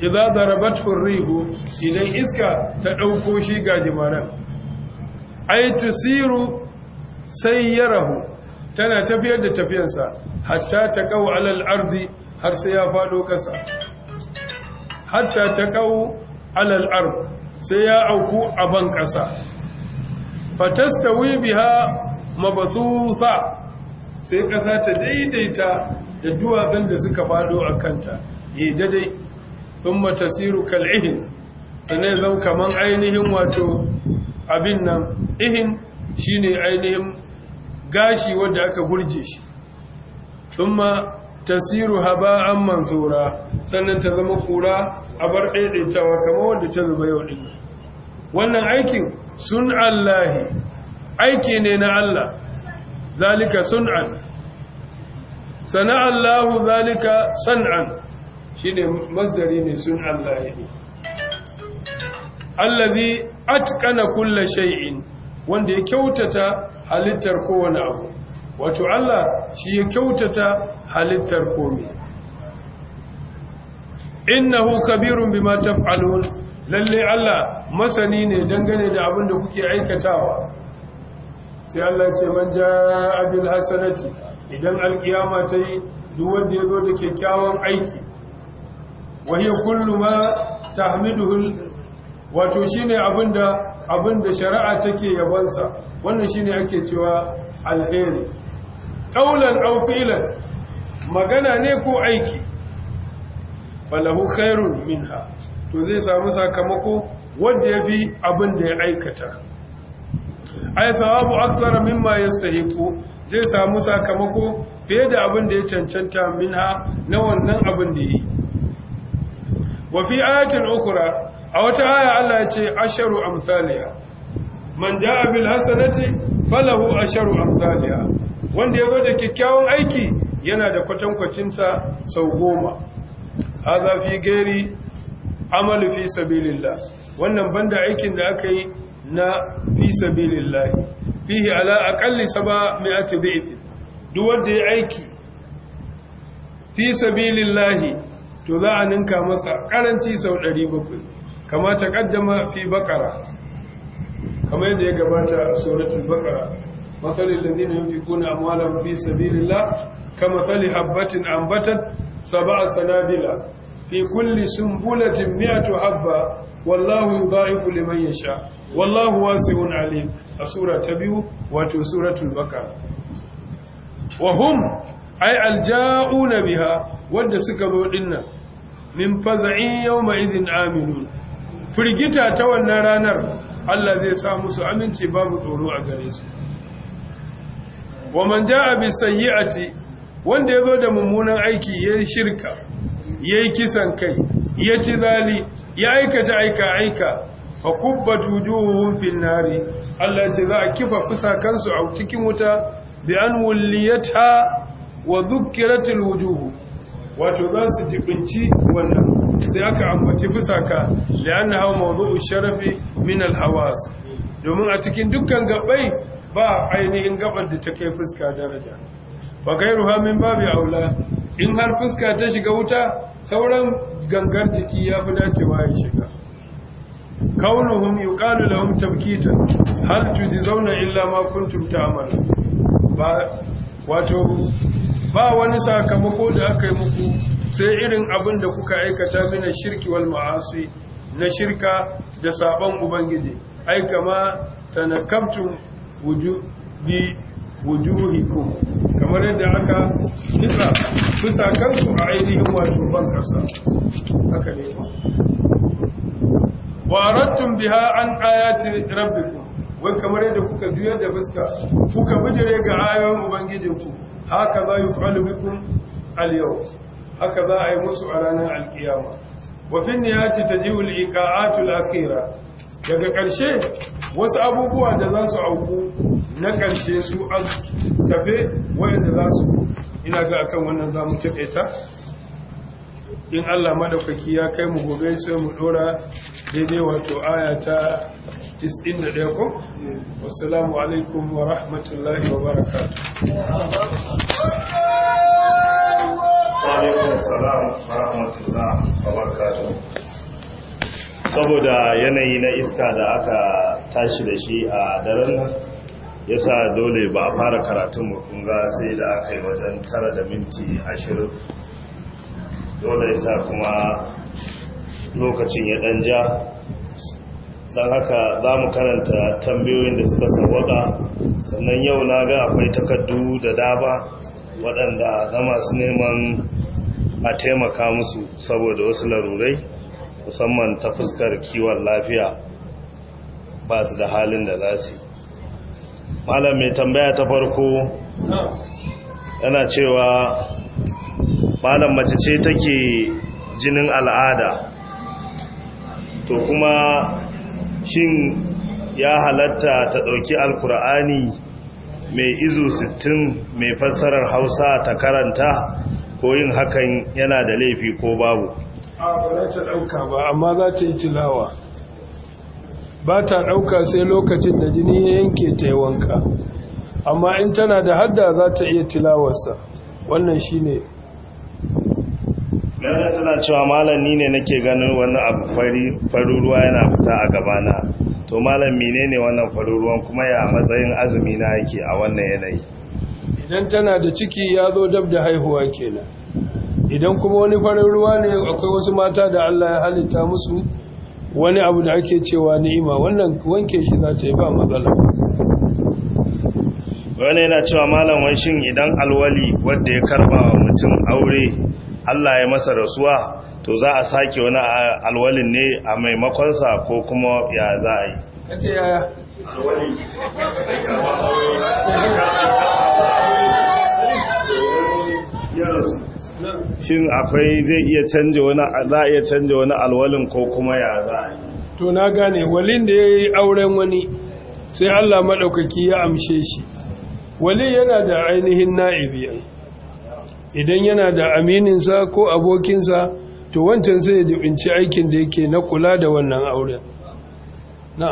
idza zarabat rihu idan iska ta ɗauko shi gajimaran ai tusiru sai ya rahu tana tafiyar da tafiyansa hatta ta kawo alal ardi har sai ya faɗo ƙasa hatta ta kau alal ard sai ya auku a ban ƙasa fatastawi biha mabathufa sai ƙasa ta daidaita da duwatsun da suka fado a kanta yi daidai thumma tasiru kal'ihin sanai zan kaman ainihin wato abin nan ihin shine ainihin gashi wadda aka gurje shi ma. tasiru haba'an manzura sannan ta zama kura a bar daidaitawa kama wanda ta zuba yau ɗin wannan aikin sun Allahi aiki ne na Allah zalika sun'an sana Allahu zalika san'an shine masdari ne sun Allahi allazi atkana kulla shay'in wanda ya kyautata halittar kowane abu wato Allah shi ya kyautata halittar komi innahu kabirun bima taf'alun lalle Allah masani ne dangane da abin da kuke aikatawa sai Allah ce man jaa bil hasanati idan alkiyama ta yi duk wanda ya zo da kyakkyawan aiki wa hiya kullu ma tahmiduhu wato shine abinda abinda shari'a take yabonsa, wannan shine ake cewa alheri ƙaunar aufilan magana ne ko aiki falahu khairun minha to zai samu sakamako wanda ya fi abin da ya aikata ai thawabu aksara mimma yastahiqu zai samu sakamako fiye da abin da ya cancanta minha na wannan abin da yi Wafi fi ayatin a wata aya Allah ya ce asharu amsalha man jaa bil hasanati falahu asharu amsalha wanda ya zo da kyakkyawan aiki yana da kwatankwacinta sau goma haza fi gairi amalu fi sabilillah wannan banda aikin da aka yi na fi sabilillah fihi ala aqalli saba mi'ati dhi'f duk wanda ya aiki fi sabilillah to za a ninka masa karanci sau 700 Kamata kaddama fi baqara kamar yadda ya gabata a suratul baqara مثل الذين ينفقون أموالهم في سبيل الله كمثل حبة أنبتت سبع سنابل في كل سنبلة مئة حبة والله يضاعف لمن يشاء والله واسع عليم السورة تبيو واتو سورة البقرة وهم أي الجاؤون بها ود سكبوا إنا من فزع يومئذ آمنون فرقتا تولى رانر Allah zai sa musu aminci babu tsoro a gare su wa man jaa bi sayyi'ati wanda yazo da mummunan aiki yayin shirka yayi kisan kai ya ci zali ya aikata aika aika fa kubbat wujuhum fil nari Allah ya ce za a kifa su a cikin wuta bi an wulliyata wa dhukkiratil wujuhu wato za su jibinci wannan sai aka ambaci fusaka annahu mawdu'u sharafi min al-hawas domin a cikin dukkan gabai ba ainihin gabar da ta kai fuska daraja fa gairuha min babu aula in har fuska ta shiga wuta sauran gangar jiki ya fi dacewa ya shiga kaunuhum yuqalu lahum tabkita hal tujzauna illa ma kuntum ta'malun ba wato ba wani sakamako da aka yi muku sai irin abin da kuka aikata mina shirki wal ma'asi na shirka da sabon ubangiji ai kama tanakkamtum bi wujuhikum kamar yadda aka nitsa fusa kanku a ainihin wato ban kasa haka ne ba waratun biha an ayati rabbikum wai kamar yadda kuka juyar da fuska kuka bijire ga ayoyin ubangijinku haka ba yi bikum bikun yawm haka ba a yi musu a ranar alkiyama wa ta ji taji'u al-iqa'atu al akira daga ƙarshe wasu abubuwa da za su auku na ƙarshe su an tafe wayanda za su ina ga akan wannan za mu taɓaita in allah maɗaukaki ya kai mu gobe sai mu ɗora daidai wato aya ta 91 ko wasu alaikum wa rahmatullahi wa barakatu saboda yanayi na iska da aka tashi da shi a daren nan ya sa dole ba a fara karatun ga sai da aka yi wajen tara da minti ashirin dole ya sa kuma lokacin ya ɗan ja don haka za mu karanta tambayoyin da suka sawaka sannan yau na ga akwai takardu da daba waɗanda na masu neman a taimaka musu saboda wasu larurai musamman ta fuskar kiwon lafiya ba su da halin da za su malam mai tambaya ta farko yana cewa malam mace ce take jinin al'ada to kuma shin ya halatta ta ɗauki alkur'ani mai izu 60 mai fassarar hausa ta karanta ko yin hakan yana da laifi ko babu a ba za ta ɗauka ba amma za ta yi tilawa ba ta ɗauka sai lokacin da jini ya yanke ta wanka amma in tana da hadda za ta iya tilawarsa wannan shi ne ɗanar tana cewa malami ne nake ganin wani abu faruruwa yana fita a gabana to malam menene wannan faruruwan kuma ya matsayin azumi na yake a wannan yanayi idan tana da ciki ya zo dab da haihuwa kenan idan kuma wani farin ruwa ne akwai wasu mata da Allah ya halitta musu wani abu da ake cewa ni'ima wannan wanke shi za ta yi ba matsala wani yana cewa malam shin idan alwali wadda ya karba wa mutum aure allah ya masa rasuwa to za a sake wani alwalin ne a maimakonsa ko kuma ya za a yi kace shin akwai zai iya canja wani za iya canja wani alwalin ko kuma ya za to na gane walin da yayi auren wani sai Allah maɗaukaki ya amshe shi wali yana da ainihin na'ibi idan yana da amininsa ko abokinsa to wancan sai ya dubinci aikin da yake na kula da wannan auren Na.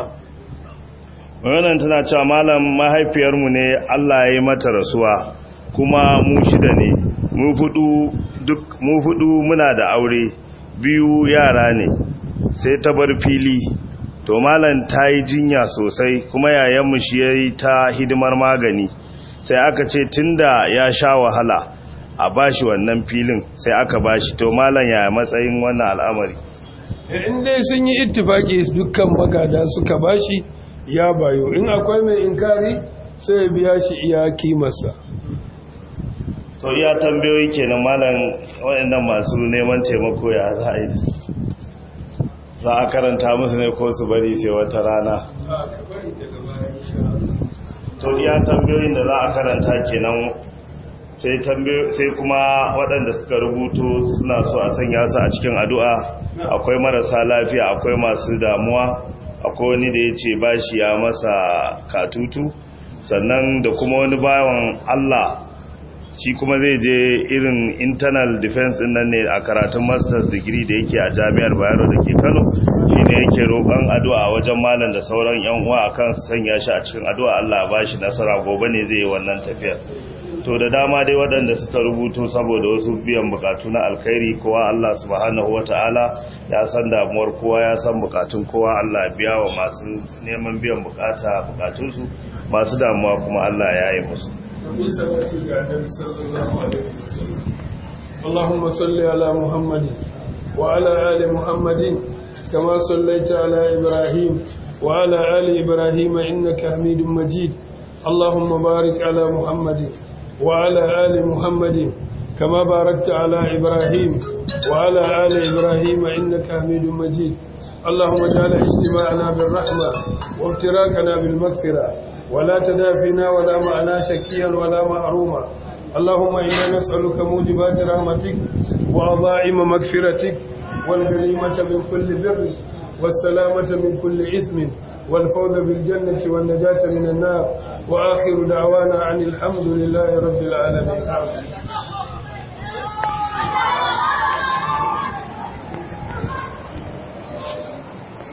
wannan tana cewa malam mahaifiyarmu ne Allah ya yi mata rasuwa kuma mu shida ne mu fudu duk mu hudu muna da aure biyu yara ne sai ta bar fili to malam ta yi jinya sosai kuma yayanmu shi ya yi ta hidimar magani sai aka ce tunda ya sha wahala a bashi wannan filin sai aka bashi to malam ya matsayin wannan al'amari eh, in dai sun yi ittifaki dukkan magada suka bashi ya bayo in akwai mai inkari sai biya shi iya kimarsa to iya tambayoyi kenan malam waɗannan masu neman taimako ya za a yi za a karanta musu ne ko su bari sai wata rana to iya tambayoyin da za a karanta kenan sai kuma waɗanda suka rubuto suna so a sanya su a cikin addu'a akwai marasa lafiya akwai masu damuwa akwai wani da ya ce bashi ya masa katutu sannan da kuma wani bayan Allah shi kuma zai je irin internal defense din nan ne a karatun master's degree da yake a jami'ar bayero da ke kano shi ne yake roƙon addu'a a wajen malam da sauran yan uwa a kan sanya shi a cikin addu'a allah ba shi nasara gobe ne zai yi wannan tafiyar to da dama dai waɗanda suka rubuto saboda wasu biyan bukatu na alkhairi kowa allah subhanahu wata'ala ya san damuwar kowa ya san bukatun kowa allah biya wa masu neman biyan bukata bukatunsu masu damuwa kuma allah ya yi musu في صلاة الجعدان صلى الله عليه وسلم اللهم صل على محمد وعلى آل محمد كما صليت على إبراهيم وعلى آل إبراهيم إنك حميد مجيد اللهم بارك على محمد وعلى آل محمد كما باركت على إبراهيم وعلى آل إبراهيم إنك حميد مجيد اللهم اجعل اجتماعنا بالرحمة وابتراكنا بالمغفرة ولا تدافنا ولا معنا شكيا ولا معروما اللهم إنا نسألك موجبات رحمتك وعظائم مغفرتك والغنيمة من كل بر والسلامة من كل إثم والفوز بالجنة والنجاة من النار وآخر دعوانا عن الحمد لله رب العالمين